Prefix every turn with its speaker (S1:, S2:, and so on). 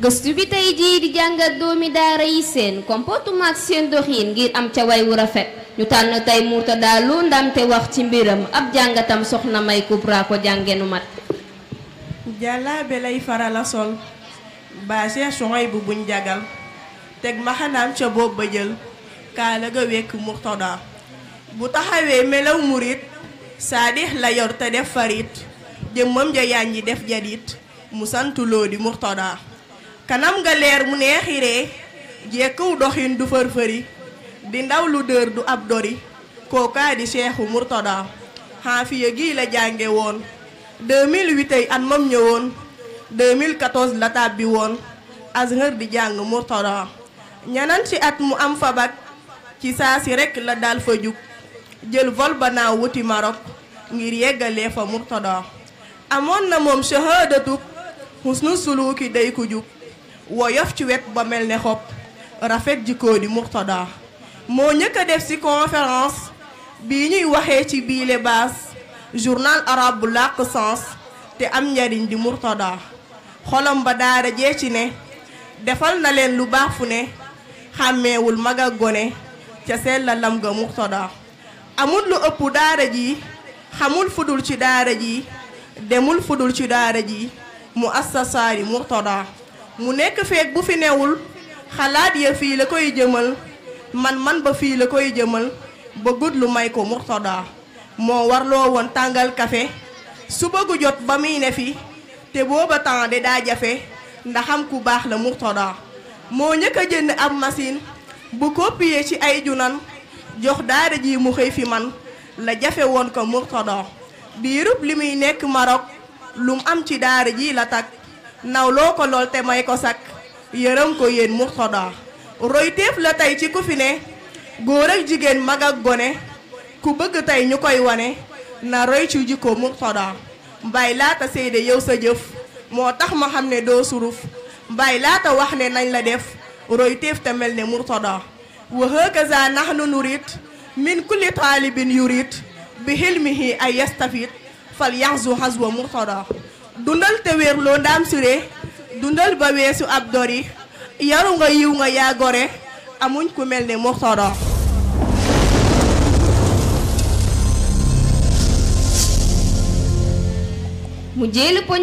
S1: gëstu bi tey jii di jàngat doomi daara yi seen comportement seen doxin ngir am ca way wu rafet ñu tànn tey ndam te wax ci mbiram ab jàngatam soxna May Kubra ko jàngenu mat
S2: be lay farala sol soxoy bu buñ jagal teg maxanaam ca boob ba jël kaala ga wekk Mourtada bu taxawee melaw murit saadix la yor te def farit jëmmam ja yaañ yi def jadit mu santu di murtada kanam nga leer mu neexiree jekkaw doxin du fërfëri di ndaw lu dër du ab dori kookaa di Seexu Murtada xaafiya gii la jànge woon 2008 ay at mam ñëwoon 2014 la woon Azhar di jàng Murtada ñanan ci at mu am fa ci saa si rekk la dal fa jug jël vol ba naaw wuti Maroc ngir yeggalee fa Murtada amoon na moom shahadatu husnu suluki day ku jug woyof ci wet ba mel ne xob rafet jikko di Murtada moo ñëkk a def ci conférence bii ñuy waxee ci biile baas journal arabe bu làkk sens te am njariñ di Murtada xolam ba daara jee ci ne defal na leen lu baax fu ne xàmmeewul mag gone ca seetla lam ga Murtada amul lu ëpp daara ji xamul fudul ci daara ji demul fudul ci daara ji mu assasaari Murtada mu nekk feek bu fi newul xalaat ya fii la koy jëmal man-man ba fii la koy jëmal ba gudd lu may ko murtada moo warloo woon tàngal kafe su bëggu jot ba muy ne fi te booba temps de daa jafe ndaxam ku baax la murtada moo njëkk a jënd ab machine bu copier ci ay junan jox daara ji mu xëy fi man la jafe woon ko murtada biirub li muy nekk Maroc lu am ci daara ji la takk nawloo ko lool te may ko sakk yërëm ko yéen Murtada royteef la tey ci ku fi ne góor ak jigéen mag ak gone ku bëgg tey ñu koy wane na roy ci jikko Murtada mbay laata seede yow sa jëf moo tax ma xam ne doo suruf mbaay laata wax ne nañ la def royteef te mel ne Murtada wa hakaza nu nurit min kulli taalibin yurit bi hilmihi ay yastafit fal yaxzu xaswa Murtada dundal te wéerloo daam suré dundal ba weesu ab dori yaru nga yiw nga yaa amuñ ku mel ne Mourtada mu